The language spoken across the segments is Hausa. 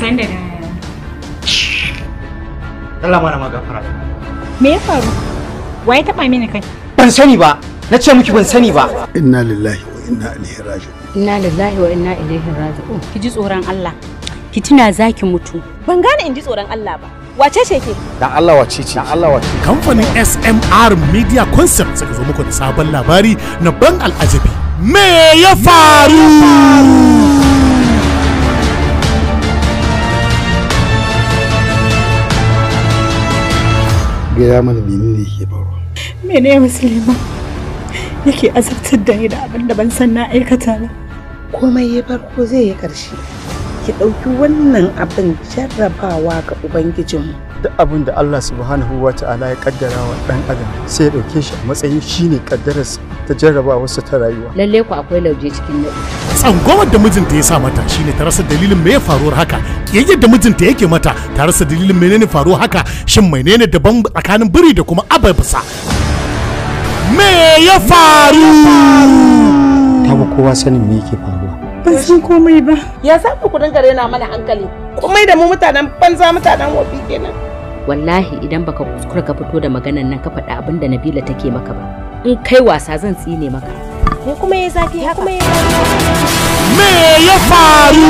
san da Allah mana magafara. Me ya faru? Wa ya taba mini kai? Ban sani ba. Na ce miki ban sani ba. Inna lillahi wa inna ilaihi raji'un. Inna lillahi wa inna ilaihi raji'un. Ki ji tsoron Allah. Ki tuna zaki mutu. Ban gane in ji tsoron Allah ba. Wace ce ke? Dan Allah wace ce? Dan Allah wace. Kamfanin SMR Media Concept suka zo muku da sabon labari na ban al'ajabi. Me ya faru? gaya mana menene yake faruwa mene musulma yake azabtar da ni da abin da ban san na aikata ba komai ya farko zai yi ƙarshe ki ɗauki wannan abin jarrabawa ga ubangijin duk abin da Allah subhanahu wa ta'ala ya kaddara wa dan adam sai ya ɗauke shi a matsayin shine kaddararsa ta wasu ta rayuwa lalle ku akwai lauje cikin nadi tsangwamar da mijinta ya sa mata shine ta rasa dalilin me faruwar haka kiyayyar da mijinta yake mata ta rasa dalilin menene faruwar haka shin menene daban tsakanin biri da kuma ababusa? me ya faru ta kowa sanin me yake faru Ban san komai ba. Ya za ku dinga rena mana hankali? Komai da mu mutanen banza mutanen wofi kenan. Wallahi idan baka kuskura ka fito da maganan nan ka faɗa abin da Nabila take maka ba. In kai wasa zan tsine maka. Me kuma ya zafi haka? Me ya faru?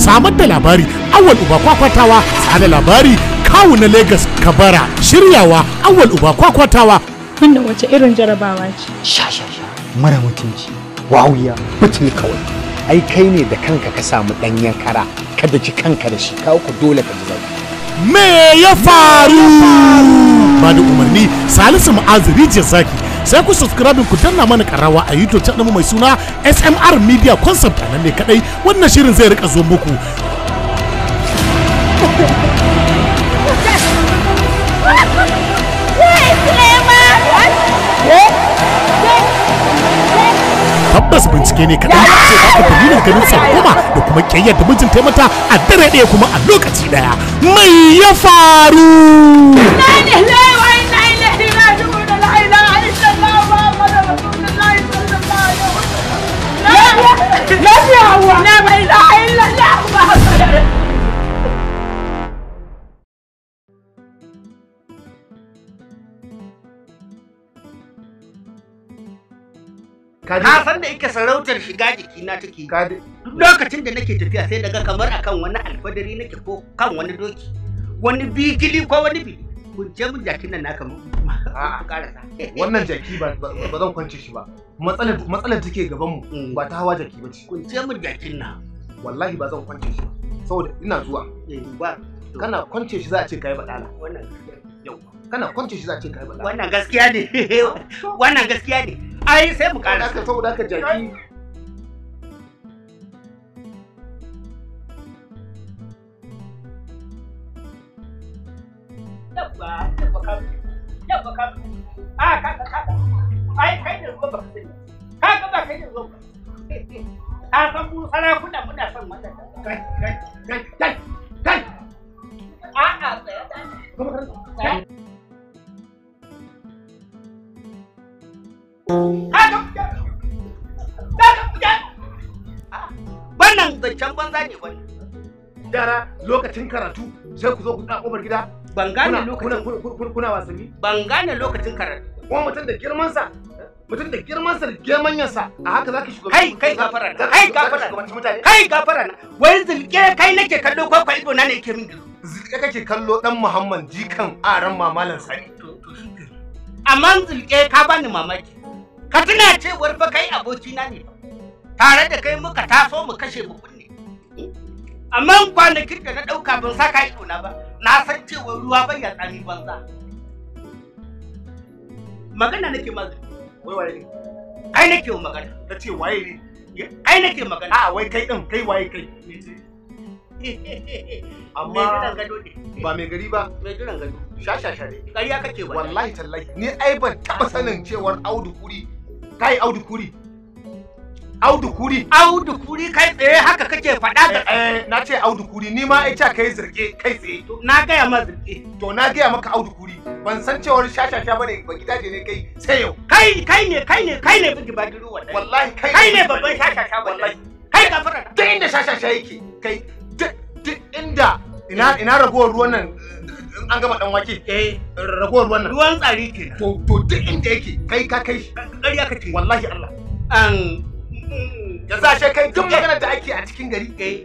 Samar da labari, awal uba kwakwatawa, tsada labari, kawu na Legas Kabara, shiryawa, awal uba kwakwatawa. Wannan wace irin jarabawa ce? Sha sha sha, mara mutunci. wawiya mutune kawai ai kai ne da kanka ka samu danyen kara kada ji kanka da shi kawo ku dole ka ji me ya faru ba da umarni salisu ma'azu rijiyar zaki sai ku subscribe ku danna mana karawa a youtube channel mai suna smr media concept a nan ne kadai wannan shirin zai rika zo muku masu bincike ne kaɗan ce ba ka dalilin ganin da kuma ƙiyayyar da mijin ta mata a dare ɗaya kuma a lokaci ɗaya mai ya faru. Yeah. ka san da yake sarautar shiga jiki na take duk lokacin da nake tafiya sai daga kamar akan wani alfadari nake ko kan wani doki wani bigili ko wani bi Mun je mun jakin nan naka mu karasa wannan jaki ba ba zan kwance shi ba matsalar matsalar take gaban mu mm. ba ta hawa jaki ba ce kun je mun jakin nan wallahi ba zan kwance shi ba. saboda ina zuwa eh, kana kwance shi za a ce kai badala wannan kana kwance shi za a ce kai badala wannan gaskiya ne wannan gaskiya ne ai sai mu ƙara ka saboda ka jaki Yabba, kai kai san mu Kai, kai, kai, kai, kai. Wannan zancen banza ne wani. Yara lokacin karatu sai ku zo ku kofar gida. Ban gane lokacin. Kuna wasanni? Ban gane lokacin karatu. Kuma mutum da sa mutum da sa da girmanyansa a haka za ka shiga kai kai gafara na kai gafara na kai gafara na wai zulke kai nake kallo ko kwai na ne yake min zulke kake kallo dan muhammad jikan aran mamalan sani amma zulke ka bani mamaki ka tuna cewar fa kai abokina ne tare da kai muka taso mu kashe mu kunne amma kwanakin da na ɗauka ban saka yi na ba na san cewa ruwa bai ya tsani banza magana nake magana wai wai ne ai nake magana ta ce waye ne ai nake magana a wai kai din kai waye kai amma ba mai gari ba mai gidan gado sha ne ƙarya kake wallahi tallahi ni ai ban taɓa sanin cewar audu kuri kai audu kuri audu kuri audu kuri kai tsaye haka kake faɗa da eh, eh na ce audu kuri ni ma ai ce kai zirge kai tsaye na gaya ma zirge to na gaya maka audu kuri ban san cewar shashasha bane ba gidaje ne kai sai yau kai kai ne kai ne kai ne bugi bagi ruwa wallahi kai kai ne babban shashasha wallahi kai kafara duk inda shashasha yake kai duk inda ina ina ragowar ruwan nan an gama dan wake eh ragowar wannan ruwan tsari ke to to duk inda yake kai ka kai ƙarya ka ce wallahi Allah an ya sa kai duk magana da ake a cikin gari kai eh.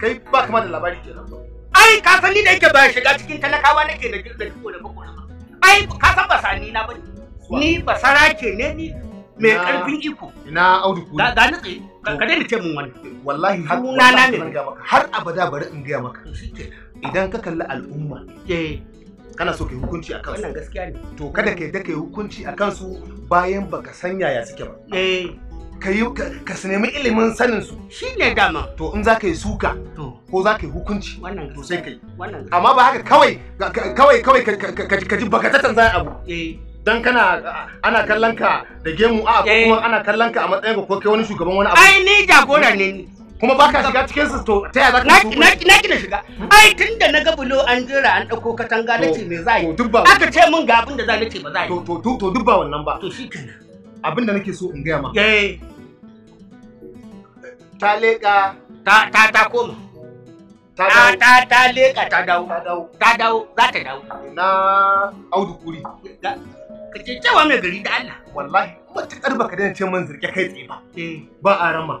kai ba kama da labari kenan ai ka san ni da yake ba shiga cikin talakawa nake da da ko da bako ai ka san ba sani na bane ni ba sarake ne ni mai karfin iko ina audu ku ga ni tsaye ka daina ce mun wani. wallahi har na na ne har abada bari in ga maka shikenan idan ka kalli al'umma eh. kana so ka hukunci a kansu wannan gaskiya ne to kada ka yadda ka yi hukunci a kansu bayan baka san yaya suke ba eh. ka yi ka nemi ilimin sanin su ne dama to in za ka yi suka ko za ka yi hukunci to sai ka yi amma ba haka kawai kawai kawai ka ji baka tatan zai abu eh. dan kana ana kallon ka da gemu a kuma ana kallon ka a matsayin ko kai wani shugaban wani abu ai ni jagora ne kuma baka shiga cikin su to ta yaya ka na na kina shiga ai tunda na ga bulo an jira an dauko katanga nace me za yi aka ce min ga abin da za nace ba za yi to to to dubba wannan ba to shikenan abin da nake so in gaya ma eh ta leka ta ta ta koma ta ta ta leka ta dawo ta dawo ta dawo za ta dawo na audu kuri ka cewa mai gari da Allah wallahi karba ka daina ce mun zirke kai tsaye ba eh. ba a rama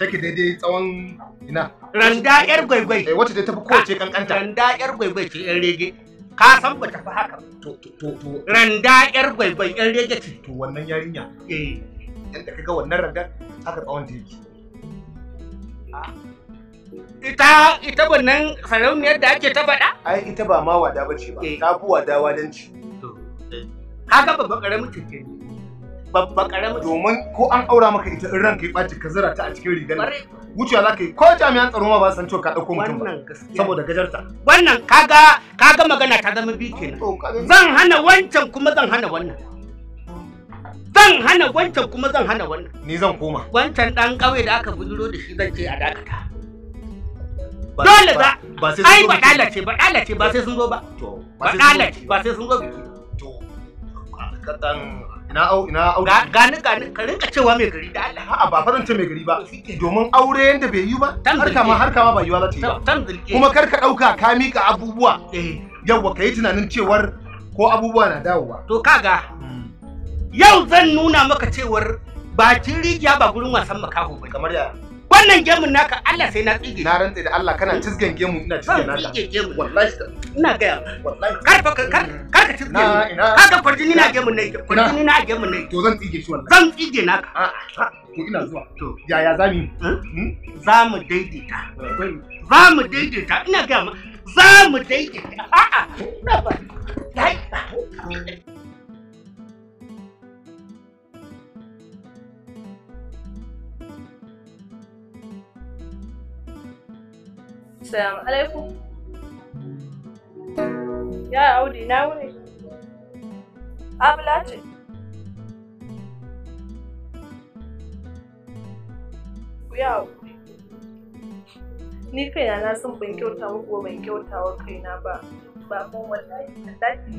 take daidai tsawon ina randa yar gwaigwai eh wacce tafi fi kowace kankanta randa yar gwaigwai ce yan rege ka san ba ta fi haka to to to randa yar gwaigwai yan rege ce to wannan yarinya eh yanda kaga wannan randa haka tsawon ta yake ah. ita ita wannan sarauniyar da ake ta faɗa? Ai ita ba ma wada bace ba, eh. ta fi wada wadanci. Eh. Kaga babban ƙaramin cuta ne. babba karamin domin ko an aura maka ita in ranka ya ɓaci ka zira ta a cikin rigar wuciya za ka yi ko jami'an tsaro ma ba san cewa ka ɗauko mutum ba saboda gajarta wannan kaga kaga magana ta zama biyu kenan zan hana wancan kuma zan hana wannan zan hana wancan kuma zan hana wannan ni zan koma wancan dan ƙauye da aka bujuro da shi zan ce a dakata dole za ai ba dalace ba dalace ba sai sun zo ba ba dalace ba sai sun zo biki to kakan ina au ina au gani gani ka rinka cewa mai gari da Allah a ba farin ce mai gari ba domin aure yanda bai yi ba harka ma harka ma ba yi za ta yi ba kuma kar ka dauka ka mika abubuwa eh. yawwa ka tunanin cewar ko abubuwa na dawowa to kaga hmm. yau zan nuna maka cewar bakin rijiya ba gurin wasan makaho ba kamar yaya wannan gemun naka Allah sai na tsige na rantsa da Allah kana cizgen gemu ina cizgen naka tsige gemu wallahi ina ga wallahi kar fa kar kar ka tsige ka ga kaga kurjini na gemun ne kurjini na gemun ne to zan tsige shi wallahi zan tsige naka ah, to ina zuwa to ya ya zami hmm? za mu daidaita za mu daidaita ina ga ma za mu daidaita a'a na ba Assalamu alaikum. Ya Audi na wuni. Abla ce. Ku yi haƙuri. Ni kaina na san ban kyauta muku ban kyauta wa kaina ba. Ba mun wallahi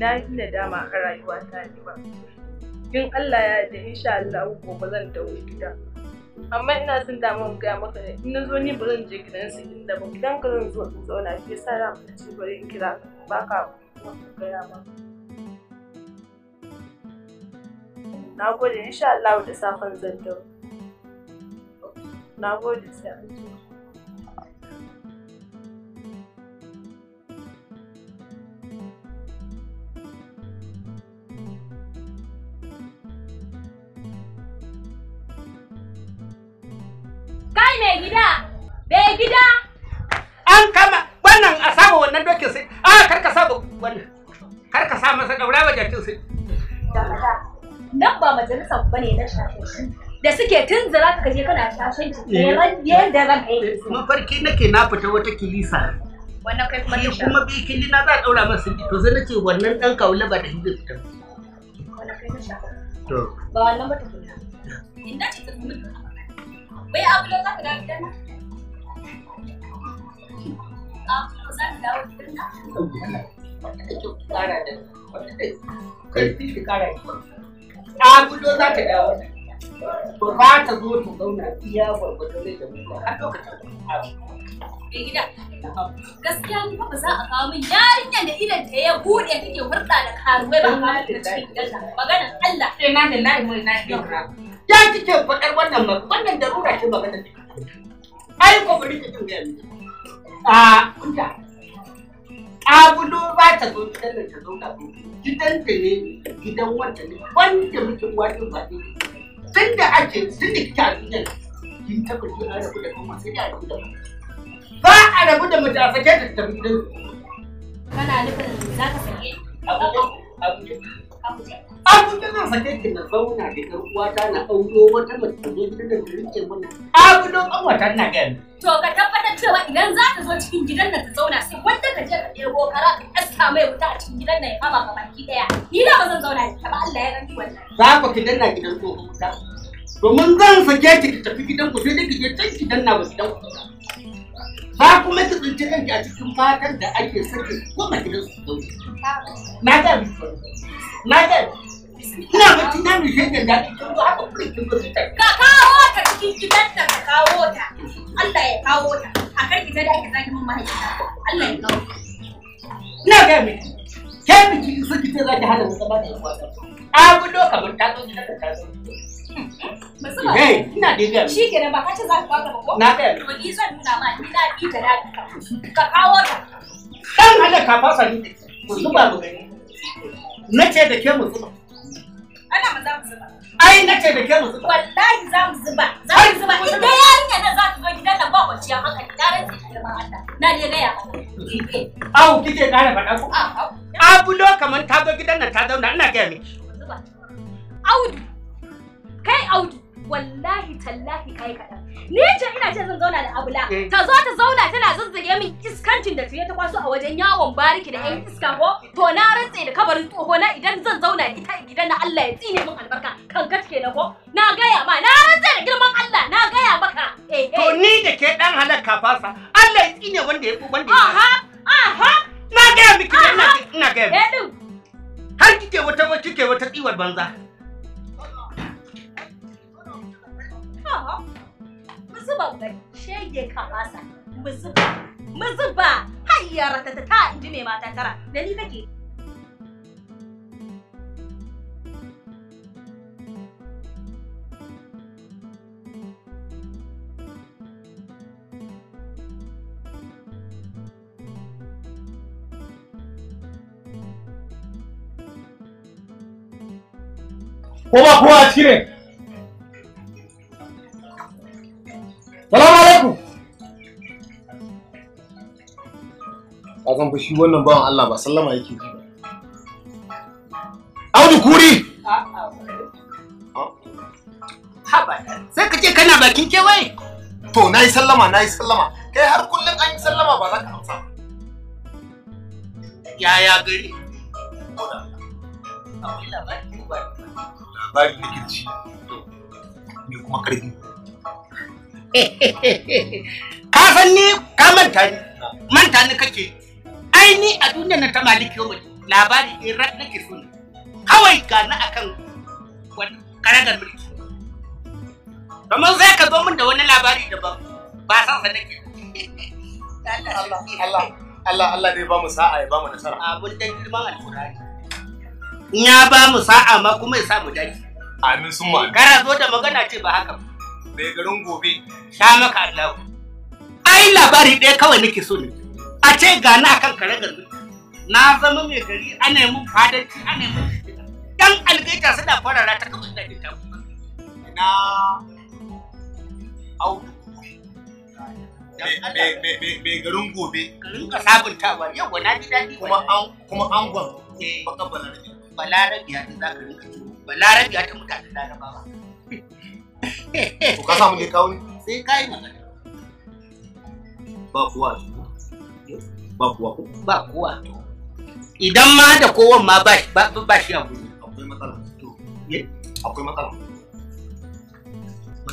na yi nadama a rayuwata ne ba. In Allah ya yarda insha Allah ba, zan dawo gida. amma ina jin damar gaya maka ne ina zo ni ba zan je gidan su in ba gidan ka zan zo in zauna shi yasa mu ci bari in kira ba ka gaya ba na gode insha Allah da safan zan dawo na gode sai an Kai mai gida, mai gida. An kama wannan a saba wannan dokin sai, a ah, karka saba wannan. Karka sa masa daura sai. Nan ba majalisar ba ne na da suke tun zira ka kaje kana shafin ciki eh. eh, yadda ranka yake. Eh, farki nake na fita wata kilisa. wannan kai kuma tasha kuma bi na za a daura masa sindi to sai nace wannan dan kaula ba da fitan wannan kai tasha to ba wannan ba ta gudu za ta dawo ba ta zo ta zauna da mutuwa har lokacin da gida gaskiya ba za a kawo min da ta ya bude da karuwai ba da ya kike faɗar wannan wannan darura ce ai ko bari ta tambaya ni a kunta abulo ba ta zo gidan da ta zo ka zo gidan ta ne gidan wanda ne wanda muke uwa din ba ne tun da ake tun da kika duniya kin taba ki an da kuma sai da rabu da ba a rabu da mutum a sake ta tafi gidan kana nufin za ka sake abu abu abu Abu tana na zauna da ƴar uwata na wata don na To ka tabbatar idan za zo cikin gidan ta zauna wanda ka je ka ɗebo ka a cikin gidan nan ya kama baki ɗaya. Ni da ba zan zauna Allah ya gani wannan. Za ku gidan Domin zan sake ki ki tafi gidan ku sai dai ki je can ki danna ba gidan ku. Ba kuma ki tsinci kanki a cikin matan da ake sake kuma gidan su zauna. Na ga Na ga Ina ga tunan rishe da zaki kin haka kuma kin zo ta. Ka kawo ta cikin gidan ka kawo ta. Allah ya kawo ta. A kar ki ta da ki mun mahaifa. Allah ya kawo. Ina ga me. Ke miki su ki ta zaki hada zama da yawa. A gudo kamar ta da ta zo. Hmm. Hey, ina da Shi kenan za ka kawo ko? Na ga. To ni zan nuna ma ni na bi da ka kawo ta. Dan ka fasa ni. mu gani. ce da ke mu Ana mu za mu zuba. Ai na ce da ke mu zuba. Wallahi za mu zuba. Za mu zuba. Inda yarinya nan za ta zo gidan nan ba kwanciya hankali. Na rantsi da girman Allah. Na ne gaya maka. Au kike ƙara faɗa ku. Abulo kamar ta zo gidan nan ta zauna ina gaya miki. Audu. Kai Audu. Wallahi tallahi kai kaɗan. Ni ce ina ce zan zauna da Abula. Eh. Ta zo ta zauna tana zazzage min iskancin da ta kwaso a wajen yawon bariki da yan iska ko to na rantse da kabarin tsoho na idan zan zauna da ita gidan na Allah ya tsine min albarka kan kat kenan ko. Na gaya ma na rantse da girman Allah na gaya maka. Eh, eh. To ni da ke dan halaka fasa Allah ya tsine wanda ya wanda ya. Aha aha. Na gaya miki ina gaya miki. Har kike wata kike wata tsiwar banza. Aha! zuba ba shege ka masa mu zuba mu zuba hayyara ta ta inji mai mata tara da ni kake Kowa kowa a cikin kan fa shi wannan bawan Allah ba sallama yake ji Audu kuri Haba sai ka ce kana bakin kewaye to nayi sallama sallama kai yi sallama ba za gari ka ni ka manta ni manta ni kake ai ni a duniyar nan ta maliki yau labari in rat nake so ne kawai ga na akan karagar mulki domin zai ka zo min da wani labari da ba san sa nake Allah Allah Allah Allah dai ba mu sa'a ya ba mu nasara abun dan girman alkurani in ya ba mu sa'a ma kuma ya sa mu dace amin sun ma kara zo da magana ce ba haka ba Mai garin gobe sha maka Allah ai labari ɗaya kawai nake so ne a ce ga na kan kare garbi na zama mai gari ana mun fadanci ana mun dan algaita suna farara ta kawai da ita na audu mai garin gobe Garin ka sabunta ba yau na ji daɗi kuma an kuma an gwan eh. baka balarabi balarabi ta za ka rinka tuwo balarabi ta mutane larabawa to ka samu ne kawo ne sai kai magana ba kuwa ba ko ba kowa idan ma da kowan ma ba ba shi ya gudu akwai matsala to ye akwai matsala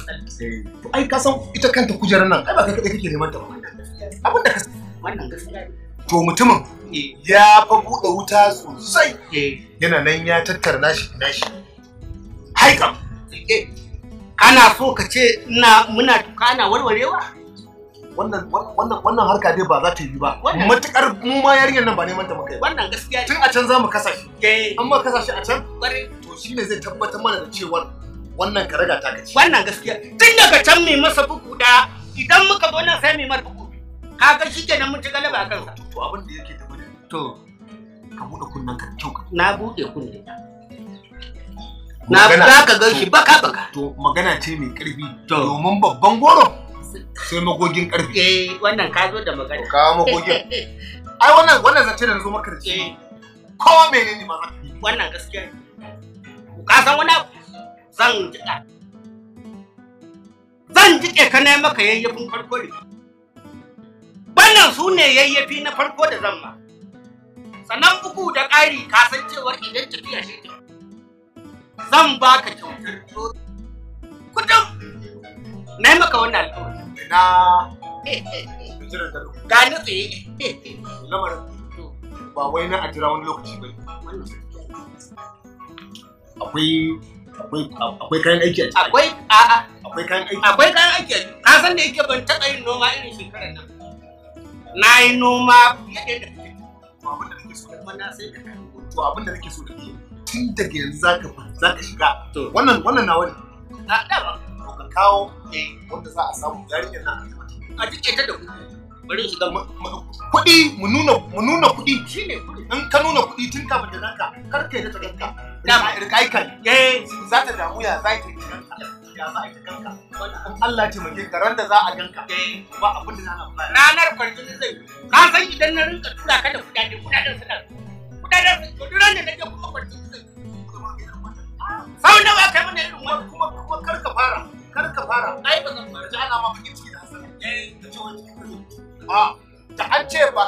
eh, to ai ka san ita kanta kujerar nan ai ba kai kake kake neman ta ba abin da ka wannan gaskiya to mutumin eh. ya fa bude wuta sosai eh. yana nan ya tattara nashi nashi haikam kana so ka ce muna tuka ana warwarewa wannan wannan wannan harka dai ba za ta yi ba matukar mu ma yarinyar nan ba neman ta muka yi wannan gaskiya tun a can za mu kasa shi eh. an ma kasa shi a can to ne zai tabbatar mana da cewa wannan karaga ta kaci wannan gaskiya tun daga can mai masa buku da idan muka zo nan sai mai mar bugu kaga shi kenan mun ci galaba kansa to abin da yake tafi to ka bude kunnen ka kyau na bude kunne na za ka gan shi baka baka to magana ce mai karfi domin babban goro sai magogin karfe eh wannan ka zo da magana ka magogin ai wannan wannan zance da zo maka da shi eh. ko menene ma zaka yi wannan gaskiya ne. ka san wani abu. zan jika zan jike ka na maka yayyafin farko ne wannan su ne yayyafi na farko da zan ma sannan bugu da ƙari ka san cewar idan tafiya shi zan baka kyautar kudin na maka wannan alƙawari na jiran da gani tsaye lamarin ba wai na a jira wani lokaci ba akwai akwai kayan aiki a akwai a'a akwai kayan aiki akwai kayan aiki ka san da yake ban taɓa yin noma irin shekarar nan na yi noma fiye da kake abin da kake so da na sai ka kai to abin da so da ke tun daga yanzu shiga wannan wannan na wani kawo wanda za a samu yarinyar na a jike ta da kuɗi bari shiga kuɗi mu nuna kuɗi shine in ka nuna kuɗi tun kafin da naka kar kai ta ganka da ma irka aikan eh za ta damu ya za ta ganka ya za ta ganka Allah ce taimake ke ran da za a ganka eh. ba abin da na ba ranar kwarjini zai ka san idan na rinka tura ka da kuɗaɗe kuɗaɗen suna kuɗaɗen su? duk ran da nake kuma kwarjini zai sau nawa kai mana irin wani kuma kar ka fara kar ka fara ai ba zan fara ji ana ma bakin ciki da hasara eh da ce wani cikin a da an ce ba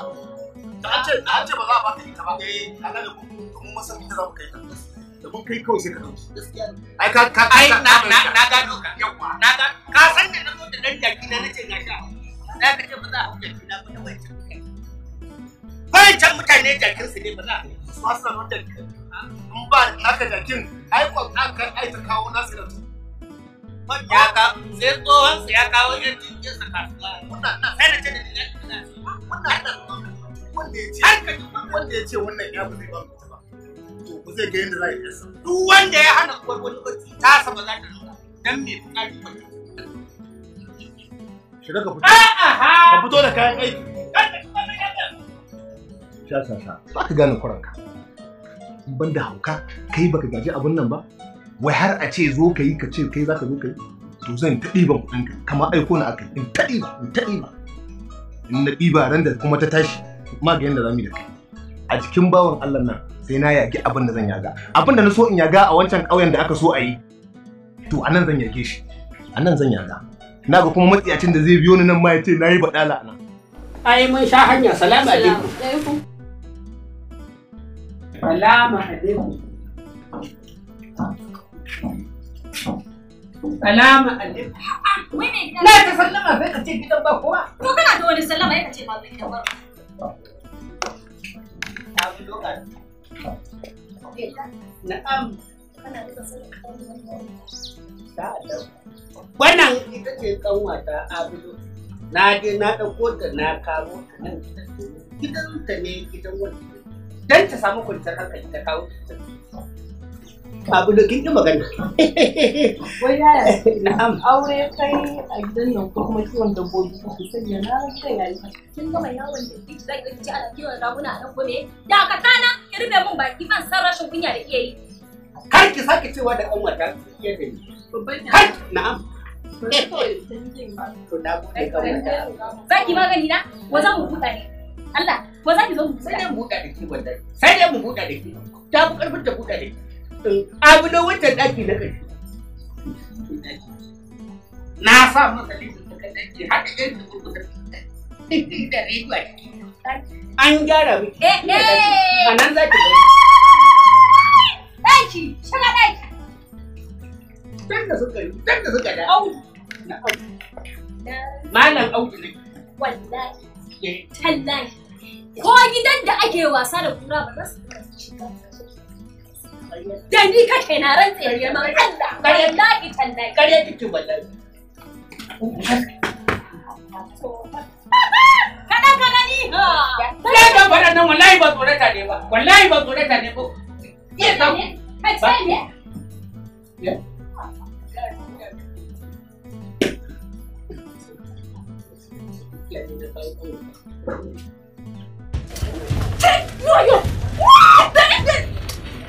da an ce da an ce ba za a baka ita ba eh ana da ku mun san ita za mu kai ta da mun kai kawai sai ka dauki gaskiya ai ka ka ai na na na gado ka yawa na ga ka san da na zo da dan jaki na nace na sha na ka ce ba za a hauke juna ba da wancan kai mutane jakin su ne ba za a hauke su ba su da kai. in ba naka jakin ai kwan kan ai ta kawo nasu da su ya ka sai tsohon sa ya kawo yan kasuwa wannan na sai da ce da wanda ya ce wannan ya bude ba mutu ba to ku zai ga yadda za yi duk wanda ya hana uwar wani ta ba za ta dan me shiga ka fito da kayan aiki sha sha sha za ka gane kuranka ban da hauka kai baka gaji abun nan ba wai har a ce zo ka yi ka ce kai za ka zo ka yi to zan ta ɗiban kuɗinka kamar aiko na akai in ta ɗiba in ta ɗiba in na ɗiba ran da kuma ta tashi maganin da za mu yi da kai a jikin bawan Allah nan sai na yaki abin da zan yaga abin da na so in yaga a wancan ƙauyen da aka so a yi to a nan zan yage shi a nan zan yaga na ga kuma matsiyacin da zai biyo ni nan ma ya ce na yi baɗala a nan. ai mun sha hanya salamu alaikum. salamu alaikum. Salama alaikum. Wai Na ta sallama bai ka ce gidan ba kowa. To kana da wani sallama ya ka ce ba gidan ba. Na bi Wannan ita ce kanwata Abido. Na je na ɗauko ta na kawo ta nan gidan ta ne gidan wani. Dan ta samu kwanciyar hankali ta kawo ta. abu da kin magana. Wai Na'am. aure kai a gidan nan ko kuma kiwon dabbobi kake sanya na ya yi. Kin gama yawon da duk zai ga ji ana kiwon raguna a nan gome. Da ka tana ki rube min baki ban san rashin kunya da iya yi. Kar ki sake cewa da kanwar ta iya da ni. Kar na'am. Za ki magani na? Wa za mu buɗa ne? Allah, wa za ki zo mu buɗa? Sai dai mu buɗa da ke wannan. Sai dai mu buɗa da ke. Ta fi ƙarfin ta buɗa da ke. Abulo wancan ɗaki na kai. Na sa masa An gyara miki. Eh, eh. A nan za ki Ɗaki, shiga ɗaki. Dan suka yi, dan suka Na Malam Audu ne. Wallahi. Tallahi. Ko gidan da ake wasa da kura ba za su shiga. da ni kake na rantse ne ma Allah wallahi tallahi kare kike wallahi Kana kada ni ha da da bara nan wallahi ba tsorata ne ba wallahi ba tsorata ne ba ke san ka ce ne Yeah, you're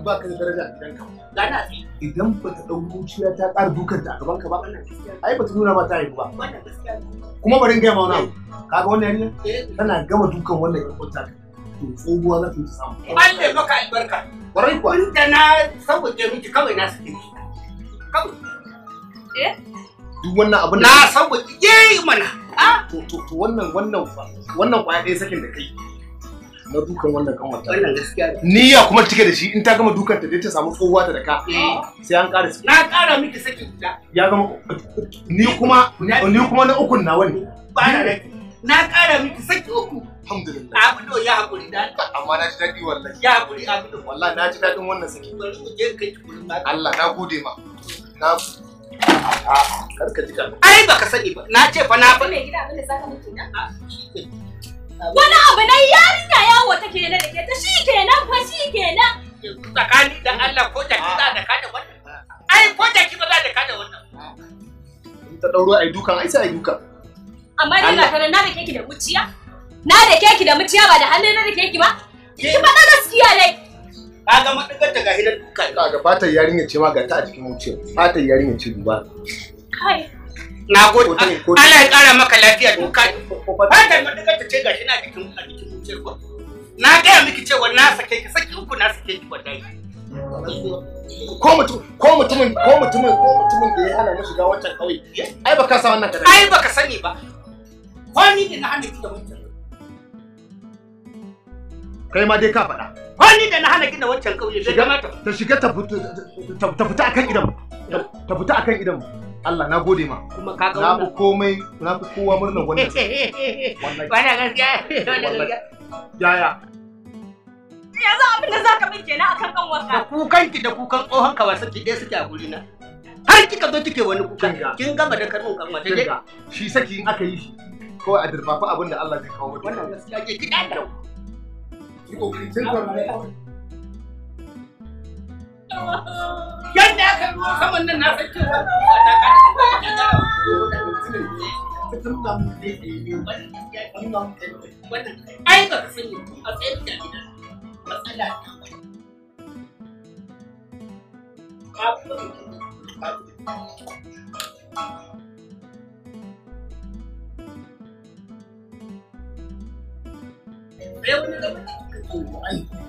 kawai ba ka da daraja na idan ba ta ɗau zuciya ta ta gaban ka ba ai ba ta nuna ba ta kuma bari ma wani eh. kaga wannan yarinya eh. tana gama dukan wannan yan kwanta to tsohuwa za ta samu Allah eh. maka albarka warai kuwa in da na sauƙaƙe miki kawai na sake kawai eh duk wannan abin na mana to to wannan wannan wannan kwaya sakin da kai na dukan wannan kan wata wannan gaskiya kuma cike da shi in ta gama dukan ta dai ta samu tsohuwa ta da ka eh. sai an ƙara saki na ƙara miki saki guda ya gama ni kuma ni kuma na ukun nawa ne ba na ƙara miki saki uku alhamdulillah do ya hakuri da amma na ji dadi wallahi ya hakuri do wallahi na ji dadin wannan saki bari ku je kai tukurin Allah na gode ma na A'a, kar ka ji Ai baka sani ba. Na ce fa na fa. ne gida abin da zaka mutu da? Wani abu na yarinya yawo take na da ke ta shi kenan fa shi kenan. Tsakani da Allah ko jaki za da kada wannan. Ai ko jaki ba za da kada wannan. Ta ɗauro ai dukan ai sai ai dukan. Amma dai na tare na da keki da muciya. Na da keki da muciya ba da hannu na da keki ba. Ki faɗa gaskiya dai. Kaga ga daga hidan duka. Kaga fatar yarinya ce ma ga ta a cikin muciya. Fatar yarinya ce duba. Kai. na gode Allah ya kara maka lafiya don ka ta ce na a bikin mutum ko na gaya miki cewa na sake ki saki na sake ki wallahi ko mutum ko mutumin ko mutumin ko mutumin da ya hana mu shiga wancan kauye eh? ai baka wannan ai baka sani ba ko ni ne na hana ki da wancan kai ma dai ka faɗa ko ni da na hana gina wancan kauye zai kamata ta shiga ta fita akan idan ta fita akan idan Allah na gode ma kuma ka ga wannan komai na fi kowa murnar wannan wannan gaskiya wannan gaskiya yaya yanzu abin da ka min kenan akan kan wanka da kukan ki da kukan tsohon ka wasu ki dai suke a guri na har kika zo kike wani kuka kin gama da karmin kan wata ne. shi saki in aka yi shi kawai a dirfafa abin da Allah zai kawo wannan gaskiya ke kidan da ki kokarin cin Yadda aka ruwa saman nan na san cewa ba ta ka da ta Ai ba ka da ta da ta.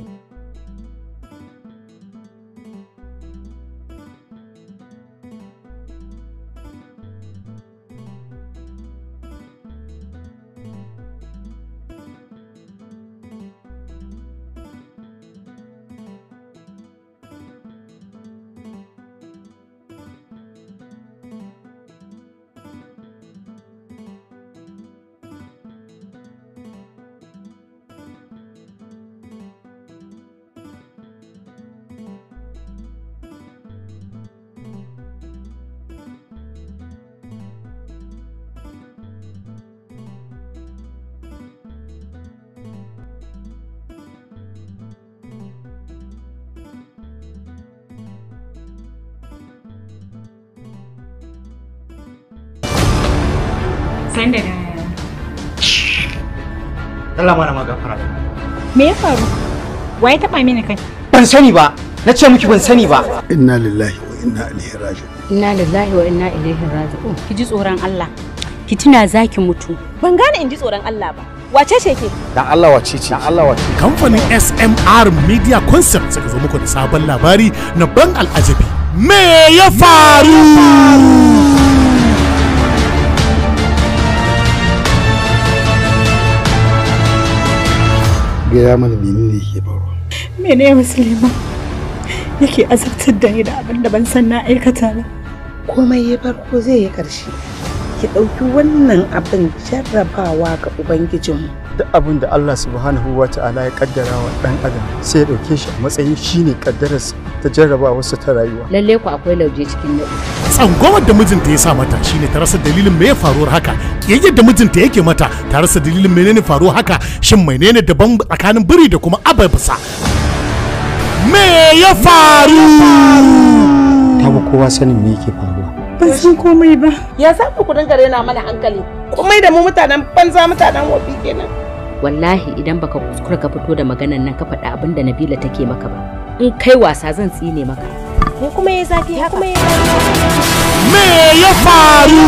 me ya faru waye taba mini kai ban sani ba na ce miki ban sani ba inna lillahi wa inna ilaihi raji'un inna lillahi wa inna ilaihi raji'un ki ji tsoron Allah ki tuna zaki mutu ban gane in ji tsoron Allah ba wace ce ke dan Allah wace ce dan Allah wace kamfanin SMR Media Concept suka zo muku da sabon labari na ban al'ajabi me ya faru gaya mana menene yake faruwa mene ya musulma yake azabtar da ni da abin da ban san na aikata ba komai ya farko zai yi ƙarshe ki ɗauki wannan abin jarrabawa ga ubangijin duk abin da Allah subhanahu wa ta'ala ya kaddara wa dan adam sai ya ɗauke shi a matsayin shine kaddararsa ta wasu ta rayuwa lalle ku akwai lauje cikin nadi tsangwamar da mijinta ya sa mata shine ta rasa dalilin me ya faruwar haka kiyayyar da mijinta yake mata ta rasa dalilin menene faruwar haka shin menene daban tsakanin biri da kuma ababisa me ya faru ta kowa sanin me yake faru. Ban san komai ba. Ya saba ku ku dinga rena mana hankali. Komai da mu mutanen banza mutanen wofi kenan. Wallahi idan baka kuskura ka fito da maganan nan ka faɗa abin da Nabila take maka ba. In kai wasa zan tsine maka. Me kuma ya zafi haka? Me ya faru?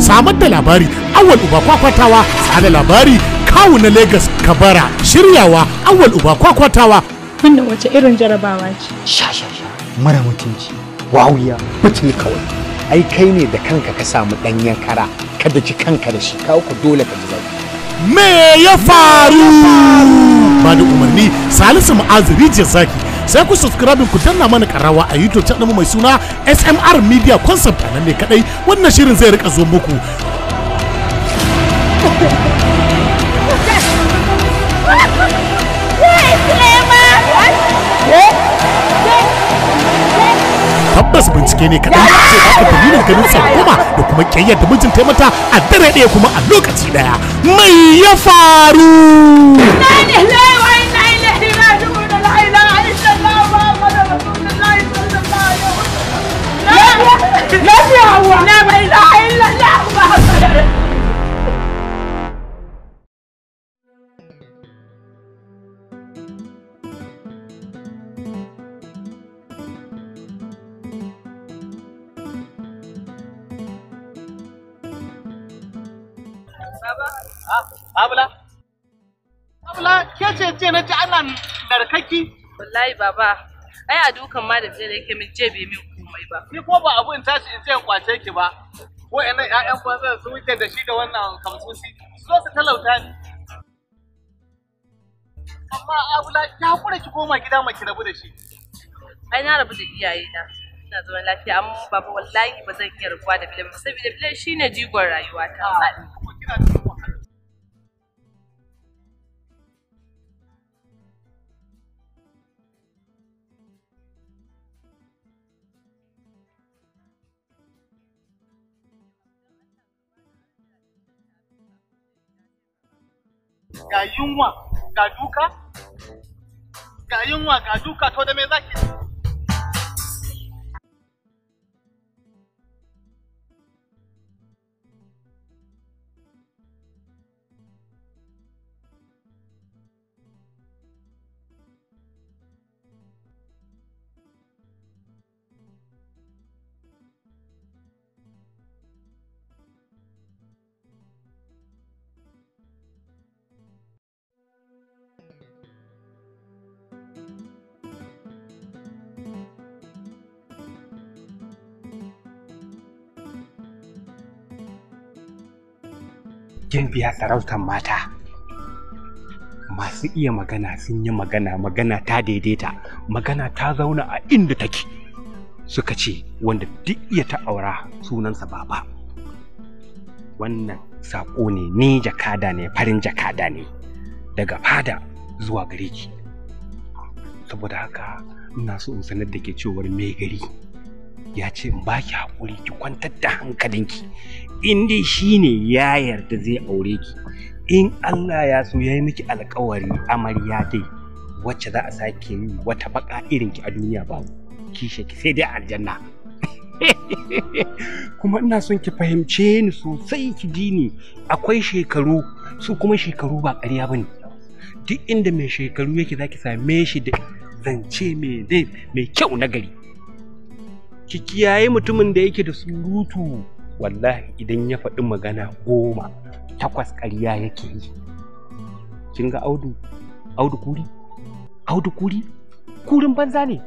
Samar da labari awal uba kwakwatawa tsada labari kawu na lagos Kabara shiryawa awal uba kwakwatawa. Wannan wace irin jarabawa ce? Sha sha sha mara mutunci. wawiya fice kawai ai kai ne da kanka ka samu ɗanyen kara kada ji kanka da shi kawo ku dole ka ji me ya faru ba da umarni salisu ma'azu rijiyar zaki sai ku subscribe ku danna mana karawa a youtube channel mai suna smr media concept nan ne kadai wannan shirin zai rika zo muku tabbas bincike ne kaɗan zai baka dalilin ganin tsangwama da kuma ƙyayyar da mijinta ya mata a dare ɗaya kuma a lokaci ɗaya mai ya faru wallahi baba ai a dukan ma da zai ke min jebe min komai ba ni ko ba abun tashi in je in kwace ki ba ko ina ƴaƴan kwanzan su wuce da shi da wannan kamsusi su zo su talauta ni amma abula ya hakura ki koma gida ma ki rabu da shi ai na rabu da iyaye na ina zaman lafiya amma baba wallahi ba zan iya rabuwa da bilan ba saboda bilan shine jigon rayuwata ah, kina da ga yunwa ga duka ga yunwa ga duka to da me zaki kin sarautar mata masu iya magana sun yi magana magana ta daidaita magana ta zauna a inda take suka ce wanda duk iya ta aura sunansa baba wannan saƙo ne ni jakada ne farin jakada ne daga fada zuwa gare ki saboda haka ina so in sanar da ke cewar mai gari ya ce in ki haƙuri ki kwantar da hankalinki in dai shi ne ya yarda zai aure ki in Allah ya so ya yi miki alkawari amarya dai wacce za a sake yi wata baka irin ki a duniya ba kishe ki sai dai aljanna kuma ina son ki fahimce ni sosai ki ji ni akwai shekaru su kuma shekaru ba ƙarya ba ne duk inda mai shekaru yake za ki same shi da zance mai kyau na gari ki kiyaye mutumin da yake da surutu wallahi idan ya faɗi magana goma takwas ƙarya yake yi kin ga audu audu kuri audu kuri kurin banza ne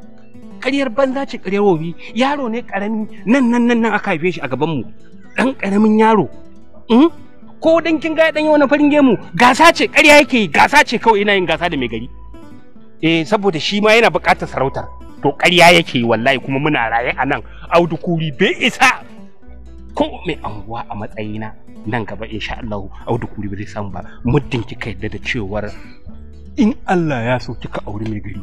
ƙaryar banza ce ƙaryar wobi yaro ne ƙarami nan nan nan nan aka haife shi a gaban mu ɗan ƙaramin yaro hmm? ko dan kin ga dan wani farin gemu gasa ce ƙarya yake yi gasa ce kawai ina yin gasa da mai gari eh saboda shi ma yana buƙatar sarautar to ƙarya yake yi wallahi kuma muna raye a nan audu kuri bai isa ko mai anguwa a matsayina nan gaba insha Allah audu kuri bai samu ba muddin kika yadda da cewar in Allah ya so kika auri mai gari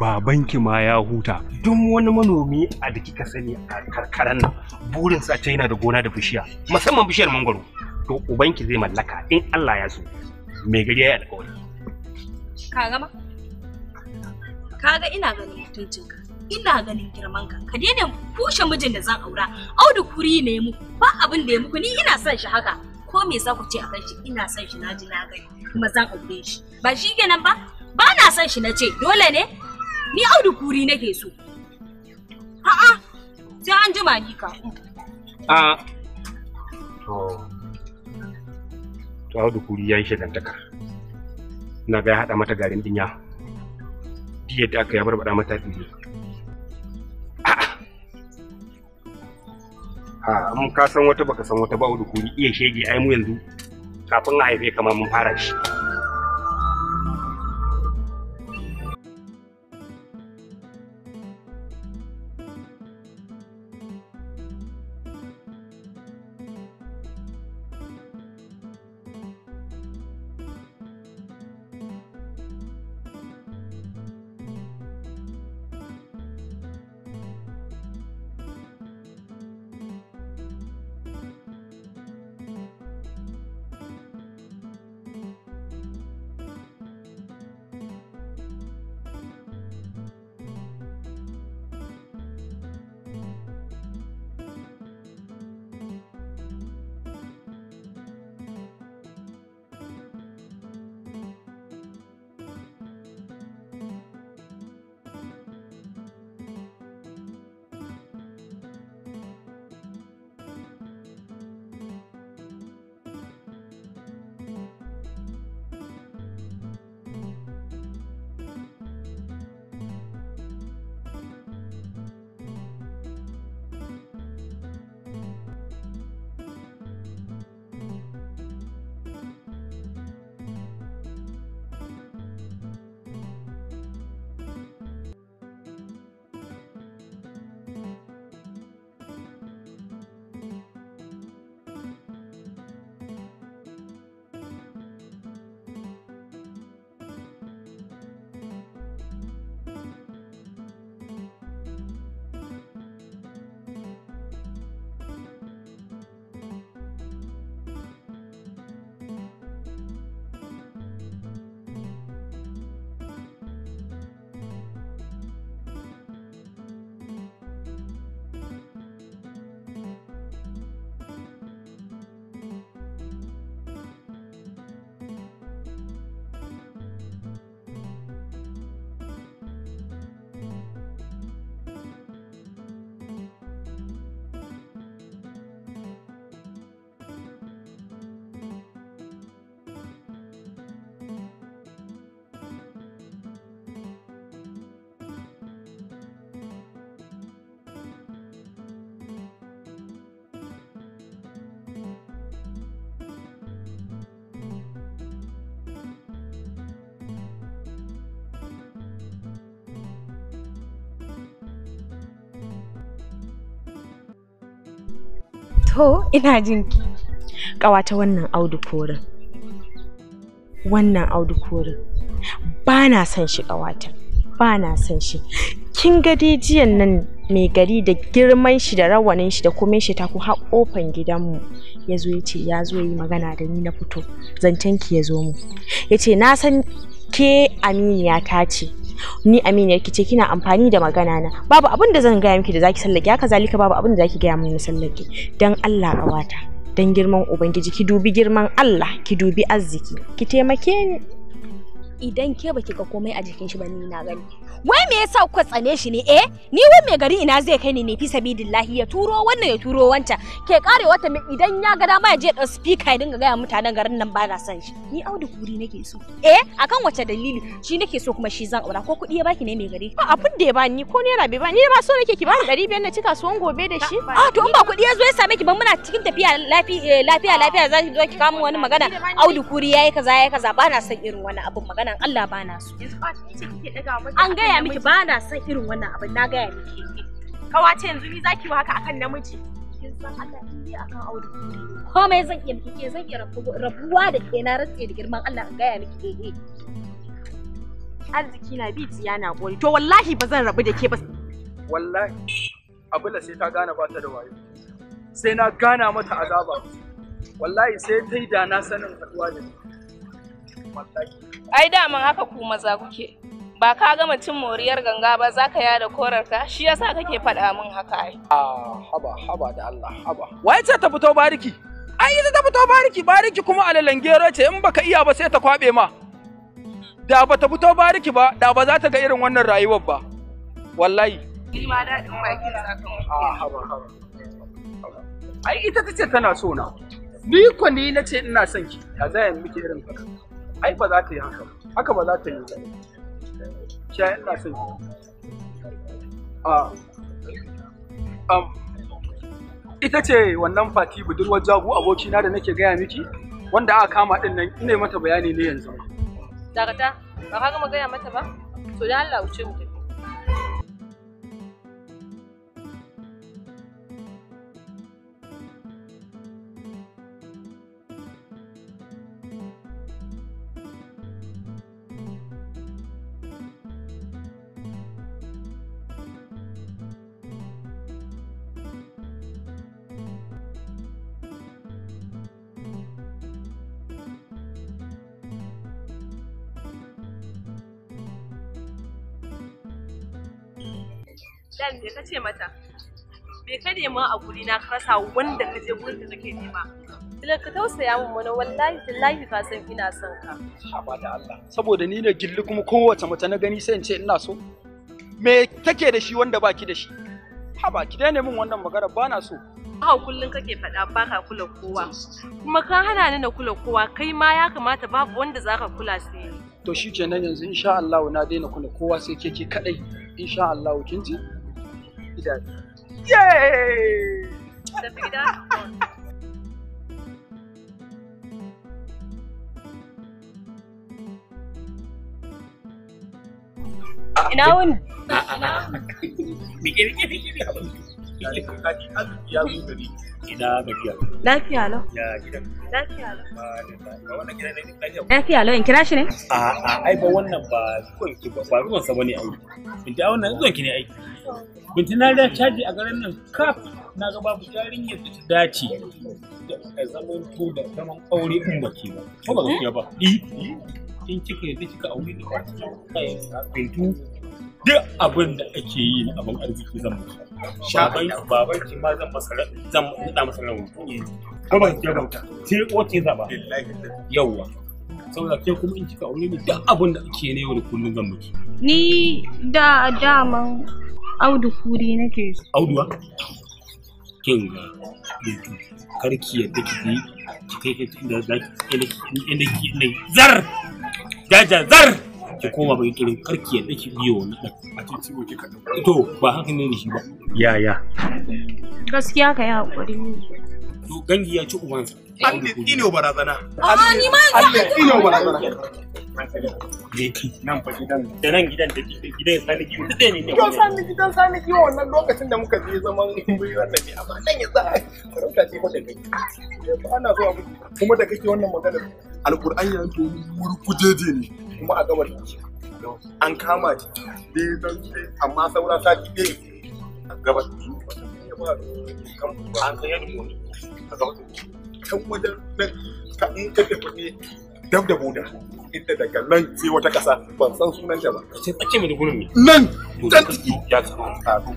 babanki ma ya huta duk wani manomi a da kika sani a karkaran nan burin sa ce yana da gona da bishiya musamman bishiyar mangoro, to ubanki zai mallaka in Allah ya so mai gari ya alƙawari ka gama ka ga ina ganin mutuncinka ina ganin girman ka ka daina kushe mijin da zan aura audu kuri ne mu ba abin da ya muku ni ina son shi haka ko me za ku ce akan shi ina son shi na ji na gani kuma zan aure shi ba shi kenan ba ba na son shi na ce dole ne ni audu kuri nake so a'a sai an jima ni ka a to to audu kuri shi dantaka na ga ya haɗa mata garin dinya diyar da aka yabar bada mata dinya a mun ka san wata baka san wata ba da kuri iya shege ai mu yanzu kafin a haife kamar mun fara shi To, ina jin ki. Ƙawata wannan audu korin. Wannan audu korin. Ba na son shi ƙawata. Ba na son shi. Kin ga jiyan nan mai gari da girman shi da rawanin shi da komai shi ta ku har kofan gidanmu ya zo ya ce ya zo yi magana da ni na fito zancen ki ya zo mu ya ce na san ke aminiya ta ce ni aminiyar ki ce kina amfani da magana na babu abin da zan gaya miki da zaki sallake haka zalika babu abin da zaki gaya min sallake dan Allah kawata dan girman ubangiji ki dubi girman Allah ki dubi arziki ki taimake ni idan ke baki ga komai a jikin shi ba ni na gani wai me yasa kuka tsane shi ne eh ni wai mai gari ina zai kai ni ne fi sabidillahi ya turo wannan ya turo wancan ke kare wata me idan ya ga dama ya je da speaker ya dinga gaya mutanen garin nan ba na san shi ni audu guri nake so eh akan wace dalili shi nake so kuma shi zan aura ko kudi ya baki ne mai gari a abun da ya bani ko naira bai ba ni ba so nake ki bani dari biyar na cika suwan gobe da shi a ah, to in ba kuɗi ya zo ya same ki ban muna cikin tafiya eh, lafiya lafiya za ki zo ki kama wani magana audu kuri yayi kaza yayi kaza ba na san irin wani abun magana maganan Allah ba na so. An gaya miki ba na son irin wannan abin na gaya miki. Kawa ce yanzu ni zaki wa haka akan namiji. Kin san Allah Komai zan iya miki ke zan iya rabuwa da ke na rantse da girman Allah an gaya miki ke. Eh, eh. Arziki na bi tiya na gori to wallahi ba zan rabu da ke ba. Wallahi abula sai ta gane ba ta da wayo. Sai na gana mata azaba. Wallahi sai ta yi da na sanin haɗuwa da ni. ai daman haka ku maza kuke ba ka gama cin moriyar ganga ba za ka yada korarka shi yasa kake faɗa min haka ai ah, haba haba da Allah haba wai ce ta fito bariki ai ita ta fito bariki bariki kuma alalangero ce in baka iya ba sai ta kwabe ma da ba ta fito bariki ba da ba za ta ga irin wannan rayuwar ba wallahi ma ah, ai ita ta ce tana so na ni ko ni na ce ina son ki a zayan miki irin haka ai ba za ta yi haka haka ba za ta yi ba kiya ina son ah. um, ita ce wannan fati budurwar jagu abokina da nake gaya miki wanda aka kama din nan ina mata bayani ne yanzu dakata ba ka gama gaya mata ba to dan Allah wuce mu ce mata bai ka nema a guri na rasa wanda ka je gurin da kake nema Ila ka tausaya min wani wallahi billahi ka san ina son ka haba da Allah saboda ni na gilli kuma kowace mace na gani sai in ce ina so me take da shi wanda baki da shi haba ki daina min wannan magana ba na so haka kullum kake faɗa ba ka kula kowa kuma ka hana ni na kula kowa kai ma ya kamata babu wanda zaka kula sai to shi kenan yanzu insha Allah na daina kula kowa sai ke ke kadai insha Allah kin ji gida. Yay! Tafi gida. Ina wuni? Lafiya lau. Lafiya lau. in kira shi ne? A'a, ai wannan ba ruwansa ba ne aiki. Inda wannan zuwanki ne aiki. Bintu na da caji a garin nan kaf na ga babu yarinyar da ta dace da zaman to da zaman aure in ba ke ba. Ko ba gaskiya ba. In kike da kika aure da bintu duk abin da ake yi na abin arziki zan mutu. Shaban baban ki ma zan masa zan nada masa rawa. Ko ba gaskiya ba. Sai ko za ba. Yawwa. saboda ke kuma in kika aure ne duk abin da ake ne yau da kullum zan mutu. Ni da daman Audu kuri nake so. Auduwa? Kin ga karki yadda ki yi ki kai da za ki inda ki inda zar jaja zar ki koma bai kirin karki yadda ki biyo wani dan. A ce ciwo ki ka To ba haka ne ne shi ba. Ya ya. Gaskiya ka yi hakuri. To gangi ya ci ubansa. Allah ne barazana. Allah ni barazana. nan fa gidan da nan gidan da gidan sani da ne gidan sani gidan sani wannan lokacin da muka je zaman bai wannan ne amma nan ya tsaya farauta ce ko da kai ana zuwa kuma da kake wannan magana alqur'ani ya to murkujeje ne kuma a gabar an kama ta dai dan amma saura sati dai gabar an sayar da mu kan wajen nan ka in ka tafi ne dab da inda daga nan sai wata ƙasa ban san sunan ta ba. Sai ɓace mai gurin ne. Nan dan ciki. Ya tsaro.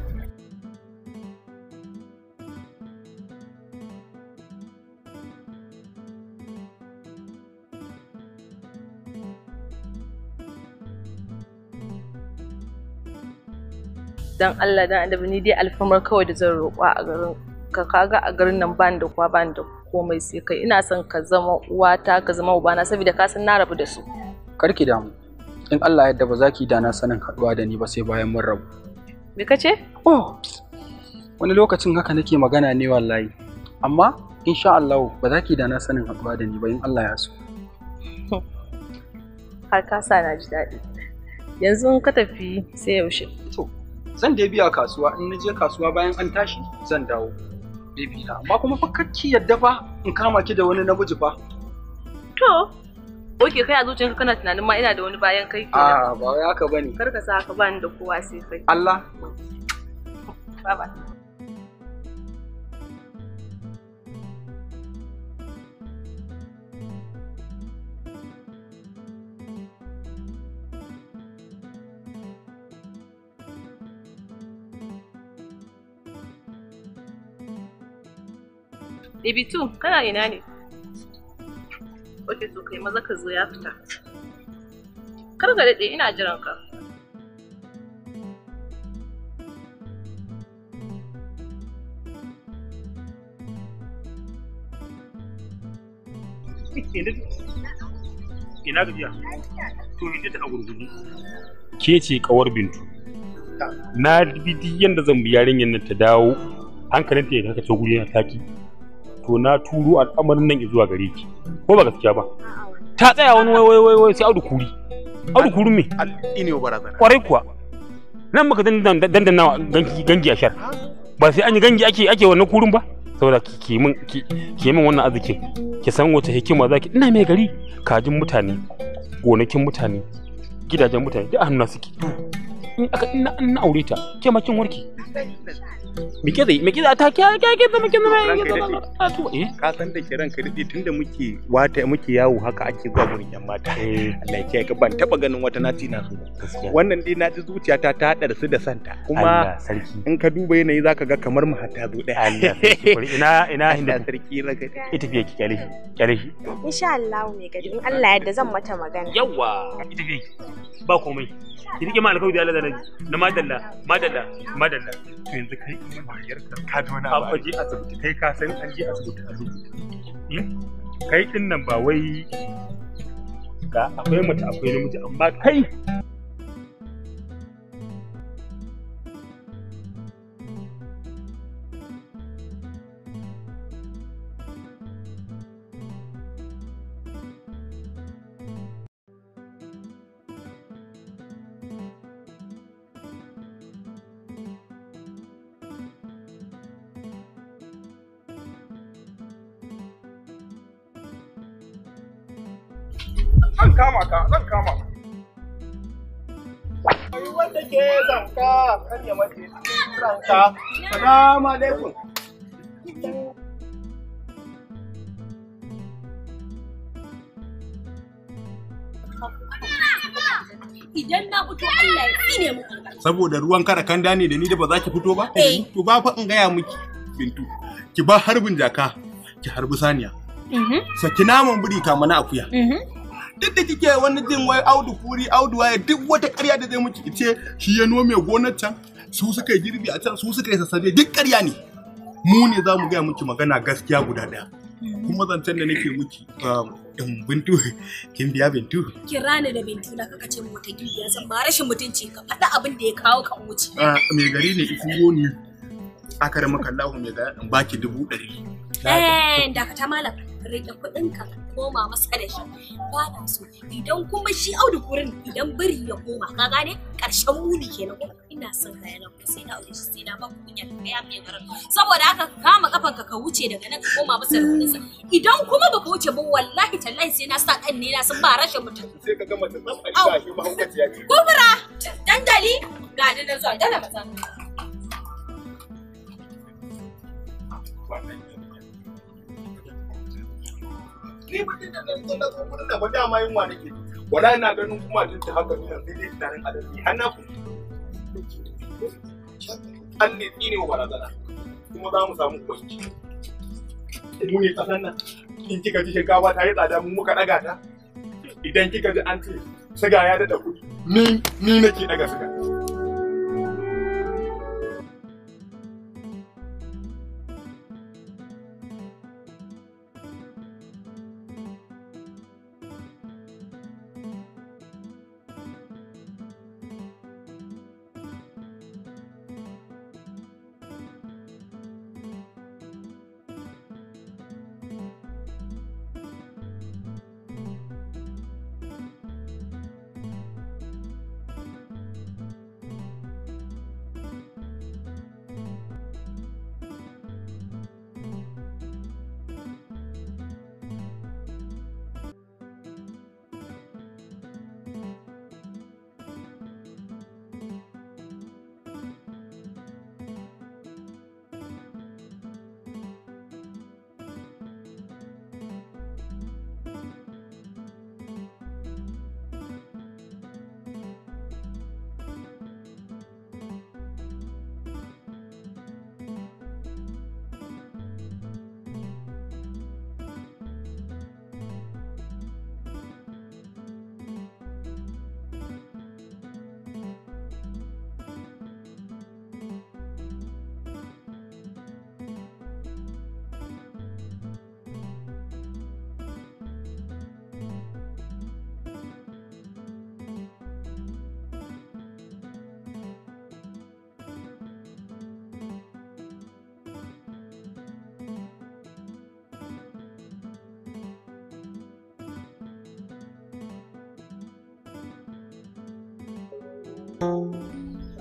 Dan Allah dan annabi ni dai alfamar kawai da zan roƙa a garin ka kaga a garin nan bani da kowa bani da komai sai kai ina son ka zama uwata ka zama ubana saboda ka san na rabu da su karki damu in Allah ya yadda ba za ki dana sanin haɗuwa da ni ba sai bayan mun rabu me kace oh wani lokacin haka nake magana ne wallahi amma insha Allah ba za ki dana sanin haɗuwa da ni ba in Allah ya so har ka sa na ji daɗi yanzu in ka tafi sai yaushe to zan dai biya kasuwa in na je kasuwa bayan an tashi zan dawo baby ba kuma fa kake yadda fa in kama ki da wani namiji fa to Oke kai a zuciyarka kana tunanin ma ina da wani bayan kai kenan. Ah ba wai haka bane. Kar ka sa haka bani da kowa sai kai. Allah. Baba. Baby kana ina ne? to kai maza ka zo ya fita. Kar ka daɗe ina jiran ka. Ina gajiya? To yi ta a Ke ce kawar Bintu. Na bi duk yadda zan bi yarinyar nan ta dawo hankalinta ya kaka ta guri na taki. to na turu al'amarin nan zuwa gare ki ko ba gaskiya ba ta tsaya wani wai wai wai sai audu kuri audu kuri me ine barazana kwarai kuwa nan muka dandana gangi a shar ba sai an yi gangi ake ake wannan kurin ba saboda ki min ki min wannan arzikin ki san wace hikima zaki ina mai gari kajin mutane gonakin mutane gidajen mutane duk a hannu suke in aka ina aure ta ke makin warki me ke zai me ke ta kya kya ke zama ke zama ah, eh? ka san da kiran ka dade tunda muke wata muke yawo haka ake zuwa gurin yan mata eh. Allah ya ka ban taba ganin wata nati na so wannan dai ji zuciyata ta hada su da santa kuma in ka duba yanayi zaka ga kamar mu zo daya Allah sarki ina ina hinda sarki raka ki tafi ki kare shi kare shi insha Allah mai gari in Allah yadda zan mata magana yawa ki tafi ba komai ki rike ma alƙawari Allah da naji na madalla madalla madalla to yanzu kai ka ji wani abu je asibiti kai ka san an je asibiti a hmm? kai din nan ba wai ga akwai mace akwai namiji amma kai idan na fito Allah ya mu saboda ruwan kara kanda ne da ni da ba za ki fito ba eh. to ba fa in gaya miki bintu ki ba harbin jaka ki harbi saniya mhm. saki naman biri kama na akuya mhm. duk da kike wani jin wai audu kuri audu waye duk wata ƙarya da zai miki ce shi ya nome gonar can su suka yi girbi a can su suka yi sassabe duk ƙarya ne mu ne za mu gaya miki magana gaskiya guda ɗaya kuma zancen da nake miki um, in bintu kin biya bintu kira ni da bintu na kaka ce mu ta gidiya san ma rashin mutunci ka faɗa abin da ya kawo ka wuce ah, me gari ne iku goni aka da makallahu me ga baki dubu ɗari ɗayan ta eh, malam rike kuɗin ka koma masa da shi ba na so idan kuma shi audu kurin idan biri ya koma ka gane Karshen muni kenan ko. ina son ka yana kuma sai na aure shi sai na ba kunya ka ya mai garin saboda haka ka kama kafan ka ka wuce daga nan ka koma masa da kuɗin sa idan kuma baka wuce ba wallahi tallahi sai na sa kan ne na san ba rashin mutum sai ka ga mace ta tsaya shi ya ce kubura dandali ga na zuwa dala mata Thank ni ba din da nan da ko kudin da ba ma yunwa nake wala ina ganin kuma din ta haka ne sai dai tunanin adalci har na ku an ne tsine wa barazana kuma za mu samu kwanci mu ne kasan nan in kika ji shinkafa ta yi tsada mu muka daga ta idan kika ji an ce siga ya daɗa kuɗi ni ni nake ɗaga siga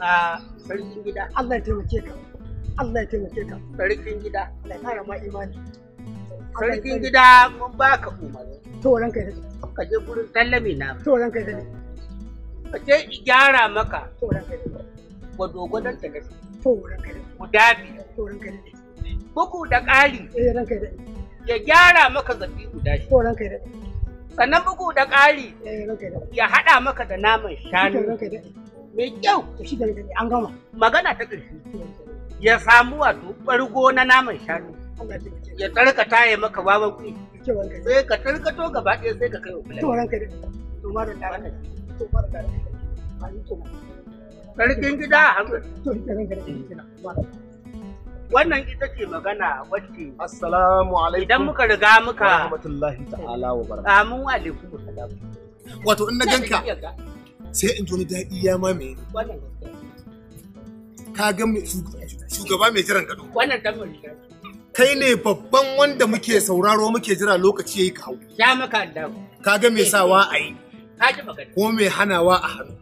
a sarkin gida Allah ya taimake ka Allah ya taimake ka sarkin gida Allah ya kara ma imani sarkin gida mun ba ka umarni to ranka ya ka je gurin tallami na to ranka ya ka je i gyara maka to ranka ya gwadogwadon ta gaske to ranka ya guda biyu to ranka ya buku da ƙari eh ranka ya ya gyara maka zabi guda shi to ranka ya sannan buku da ƙari eh, ya haɗa maka da naman shanu mai kyau to shi da an gama magana ta ƙarshe ya samu wato ɓargo na naman shanu ya tarkata ya maka wawan kuɗi sai ka tarkato gaba ɗaya sai ka kai wa fulani sarkin gida a wannan ita ce magana wacce assalamu alaikum idan muka riga muka rahmatullahi ta'ala wa amin wa alaikum wato in na ganka sai in tuni daɗi ya ma mai ka ga shugaba mai jiran gado kai ne babban wanda muke sauraro muke jira lokaci yayi kawo ya maka dawo ka ga mai sawa a yi ko mai hanawa a hannu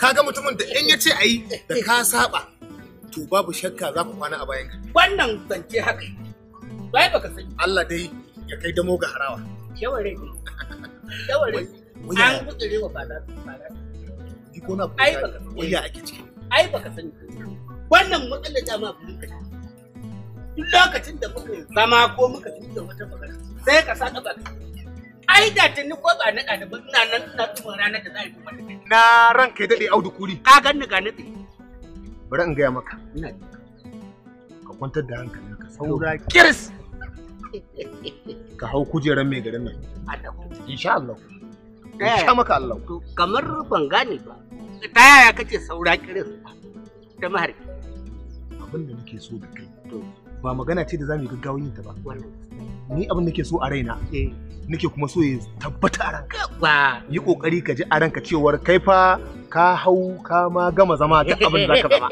ka ga mutumin da in ya ce da ka saba to babu shakka za ku kwana a bayan ka wannan zance haka bai baka sani Allah dai ya kai damo ga harawa yawa rai an kudure wa ba na ai baka waya ake ciki ai baka sani wannan matsalar da ma kun kai duk lokacin da muka zama ko muka da wata magana sai ka saka ba ai da tuni ko ba na da ba ina nan ina tsuma ranar da za a yi kuma na ranka ya dade audu kuri ka ganni ga nutsi bari in gaya maka ina ka kwantar da hankalinka saura kiris ka hau kujeran mai garin nan insha Allah insha maka Allah to kamar ban gane ba ta yaya kace saura kirin ta maharbi abin da nake so da kai to ba magana ce da za mu yi yin ta ba ni abin da ke so a raina eh. nake kuma so ya tabbata a ranka yi kokari ka ji a ranka cewar kai fa ka hau ka ma gama zama ta abin da ka zama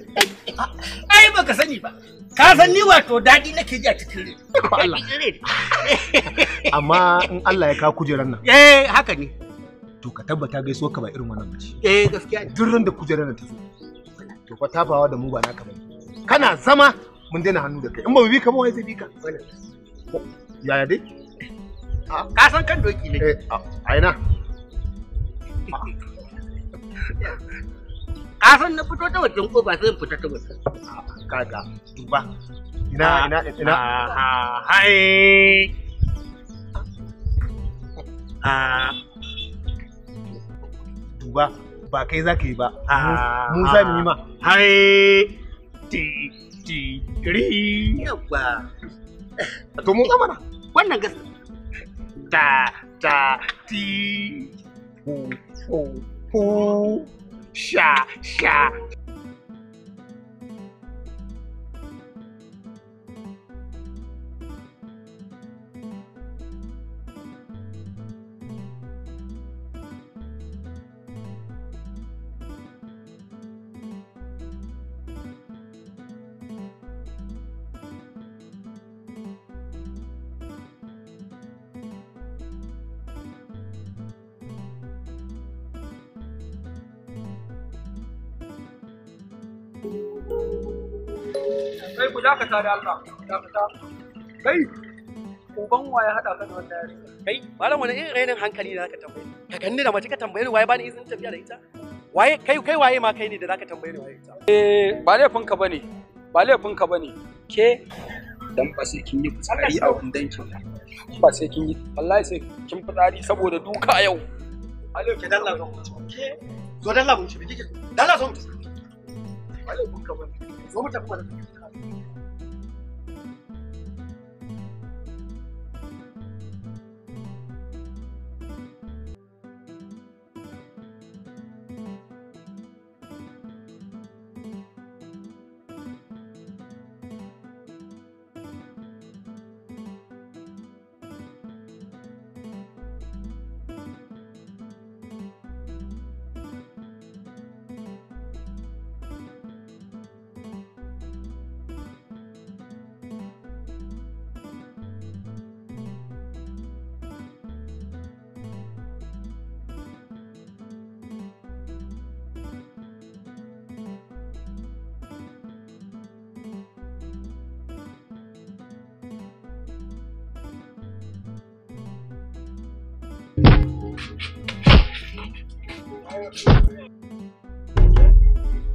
ai baka sani ba ka san ni wato daɗi nake ji a cikin rai amma in Allah ya ka kujerar nan eh haka ne to ka tabbata gaisuwar ka ba irin wannan ba eh gaskiya duk ran da kujerar nan ta zo to fa tabawa da mu ba naka bane kana zama mun daina hannu da kai in ba mu bi ka ba wai zai bi ka yaya dai ah, ka san kan doki ne eh, ah, a ina ka san na fito ta wajen ko ba sai in fita ta wajen ah, kaga duba ina ina ina hai a duba ba kai za ka yi ba musa za mu yi ma hai Di ri yawa to mun gama na wannan gasa ta ta di hu hu hu sha sha dakata da Allah dakata kai uban waya haɗa ka da ya yarinya kai malam wani irin rainin hankali da zaka tambaye ka ganni da mace ka tambaye ni waye bani izinin tafiya da ita waye kai kai waye ma kai ne da zaka tambaye ni waye ita eh ba laifin ka bane ba laifin ka bane ke dan ba sai kin yi fitsari a kundan danki. ba sai kin yi wallahi sai kin fitsari saboda duka a yau alo ke dalla zo ke zo dalla mun ci biki dalla zo mu ci alo kun ka bane zo mu tafi mana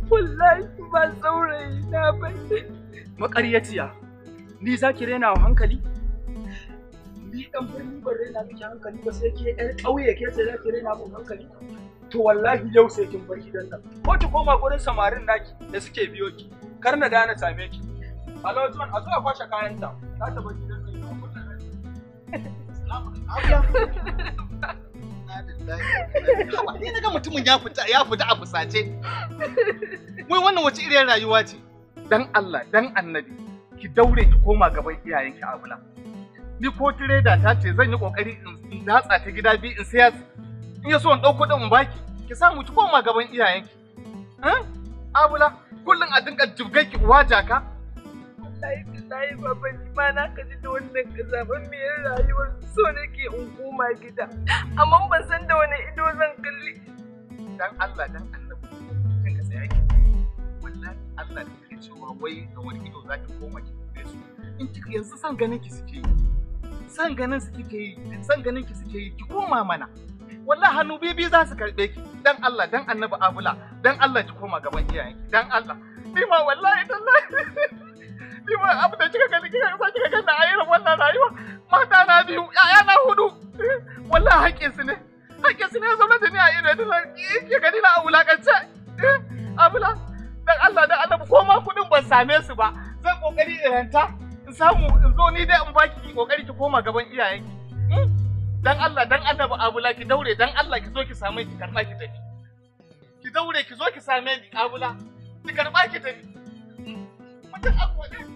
Wallahi ba saurayi na ba. Maƙaryaciya, ni za ki rena wa hankali? Ni dan birni ban rena miki hankali ba sai ke ƴar ƙauye ke ce za ki rena min hankali. To wallahi yau sai kin bar gidan nan. Ko ki koma gurin samarin naki da suke biyo ki. Kar na dana same ki. Alo John, a zo a kwashe kayanta. Za ta bar gidan nan. Assalamu alaikum. Haba, ni daga mutumin ya fita ya fita a fusace. Wai wannan wace iriyar rayuwa ce? Dan Allah, dan Annabi, ki daure ki koma gaban iyayenki Abula. Ni ko tireda ta ce zan yi kokari in natsa ta gida biyu in saya in yaso so in ɗauko ɗin in baki. Ki samu ki koma gaban iyayenki. Hm? Abula, kullum a dinga jibgar ki uwa jaka. wallahi baba ni ma na ka ji da wannan ka zaɓan miyar rayuwar so nake in koma gida amma ban san da wani ido zan kalli dan Allah dan annabi kan ka tsaya ki wallahi Allah ne ke cewa wai da wani ido zaki koma ki kalle su in kika yanzu san ganin ki suke yi san ganin su kike yi san ganin ki suke yi ki koma mana wallahi hannu bibi za su karɓe ki dan Allah dan annabi abula dan Allah ki koma gaban iyayenki dan Allah ni ma wallahi tallahi kima abin da kika gani kika sa kika gani a irin wannan rayuwa mata na biyu ƴaƴa na hudu wallahi haƙƙi su ne Haƙƙi su ne zama da ni a irin da kike gani na a wulakance abula dan Allah dan Allah ko ma kuɗin ban same su ba zan kokari in ranta in samu in zo ni dai in baki ki kokari ki koma gaban iyayenki hmm? dan Allah dan annabi abula ki daure dan Allah ki zo ki same ki karba ki tafi ki daure ki zo ki same ni abula ki karba ki tafi hmm? mutum akwai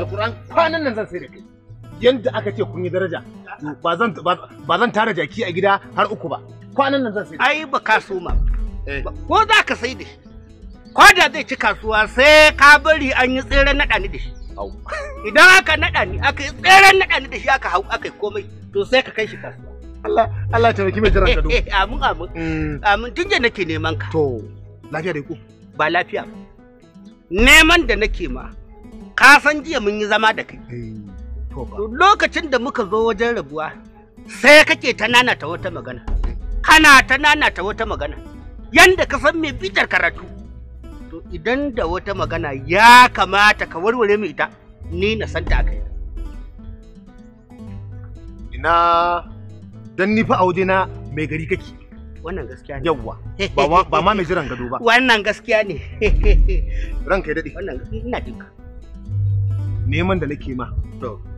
alkur'an kwanan nan zan sai da kai yanda aka ce kun yi daraja ba zan ba zan tara jaki a gida har uku ba kwanan nan zan sai ai ba ka so ma eh. ko za ka sai da shi ko da zai ci kasuwa sai ka bari an yi tsere na dani da shi idan aka naɗa ni aka yi tseren naɗa ni da shi aka hau aka yi komai to sai ka kai shi kasuwa Allah Allah ta mai jiran gado amin amin mm. amin tun nake neman ka to lafiya da ku ba lafiya neman da nake ma ka san jiya mun yi zama da kai eh, lokacin da muka zo wajen rabuwa sai kake ta nanata wata magana kana ta nanata wata magana yanda ka san mai bitar karatu to idan da wata magana ya kamata ka warware mai ita ni na san ta kai ina dan ni fa aude na mai gari kake wannan gaskiya ne yawwa ba ma mai jiran gado ba wannan gaskiya ne ranka ya dade wannan ina dinka neman da nake ma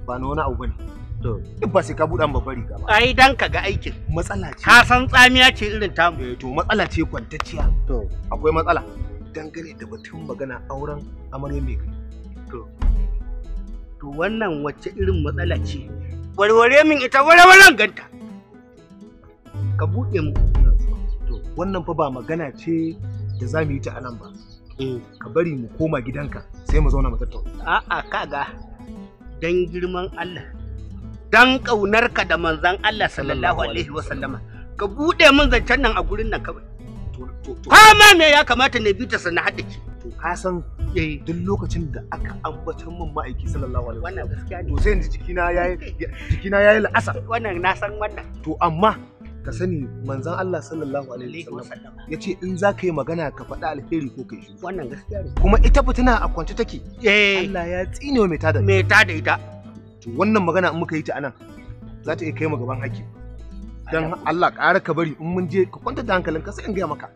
ba na wani abu bane duk ba sai ka buɗa babbar riga ba ai dan ka ga aikin matsala ce ka san tsamiya ce irin tamu eh, to matsala ce kwantacciya to akwai matsala dangane da batun magana auren amarya mai gari to to wannan wacce irin matsala ce warware min ita warwaran ganta ka bude mu wannan fa ba magana ce da za mu yi ta anan ba Eh, ka bari mu koma gidanka sai mu zauna mu tattauna a'a kaga dan girman Allah dan kaunarka da manzon Allah sallallahu alaihi wasallama ka bude min zancen nan a gurin nan kawai fama me ya kamata ne bi ta sana haɗa ki to ka san eh. duk lokacin da aka ambatar min ma'aiki sallallahu alaihi wasallam wannan gaskiya ne to sai jikina yayi jikina yayi la'asa wannan na san wannan to amma ka sani manzon Allah sallallahu alaihi wasallam ya ce in za ka yi magana ka faɗa alheri ko kai shi wannan gaskiya ne kuma ita fitina a kwance take eh Allah ya tsine wa mai tada mai tada ita to wannan magana in muka yi ta anan za ta iya kai mu gaban haƙƙi dan Allah ƙara ka bari in mun je ka kwanta da hankalinka ka sai in gaya maka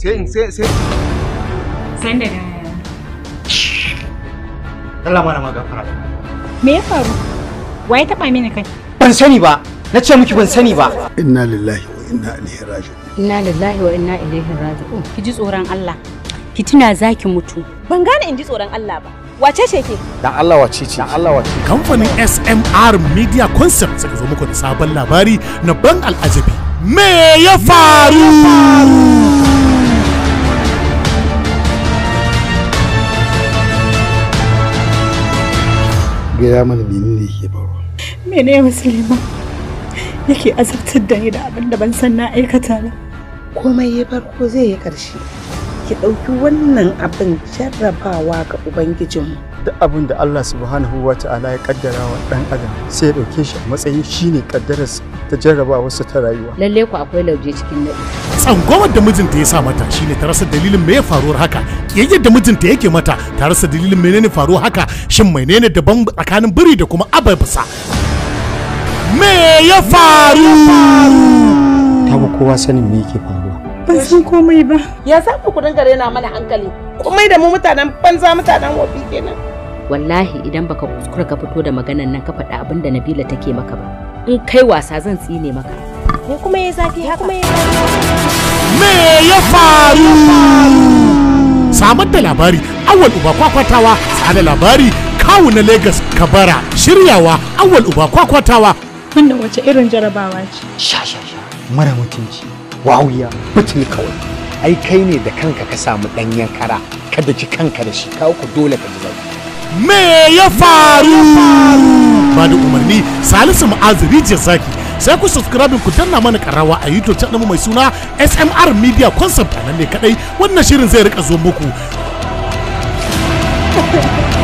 sai in sai sai san da Allah mana magafara me ya faru waye taɓa mini kai ban sani ba na ce muki ban sani ba inna lillahi wa inna ilaihi raji'un inna lillahi wa inna ilaihi raji'un ki ji tsoron Allah ki tuna zaki mutu ban gane in ji tsoron Allah ba wace ce ke dan Allah wace ce dan Allah wace kamfanin SMR Media Concept suka zo muku da sabon labari na ban al'ajabi me ya faru gaya mana menene yake faruwa menene musulman yake azabtar da ni da abin da ban san na aikata ba komai ya farko zai yi ƙarshe ki ɗauki wannan abin jarrabawa ga ubangijin. duk abin da Allah subhanahu wa ta'ala ya kaddara wa ɗan adam sai ya ɗauke shi a matsayin shine kaddararsa ta wasu ta rayuwa lalle ku akwai lauje cikin naɗi tsangwamar da mijinta ya sa mata shine ta rasa dalilin me ya faruwar haka ƙiyayyar da mijinta yake mata ta rasa dalilin menene faruwar haka shin menene daban tsakanin biri da kuma ababsa me ya faru ta ba kowa sanin me yake faruwa ban san komai ba ya za ku dinga rena mana hankali komai da mu mutanen banza mutanen wofi kenan wallahi idan baka kuskura ka fito da maganan nan ka faɗa abin da Nabila take maka ba in kai wasa zan tsine maka ne kuma ya zafi ya me ya faru samar da labari awal uba kwakwatawa tsada labari kawu na lagos kabara shiryawa awal uba kwakwatawa Wannan wace irin jarabawa ce? Sha sha sha. Mara mutunci. Wawiya. Mutum kawai. Ai kai ne da kanka ka samu ɗanyen kara. Kada ki kanka da shi. Kawo ku dole ka ji zai. Me ya faru? Ba da umarni Salisu ma'azu Rijiyar Zaki sai ku subscribe ku danna mana karawa a YouTube channel mai suna SMR Media Concept nan ne kadai wannan shirin zai rika zo muku.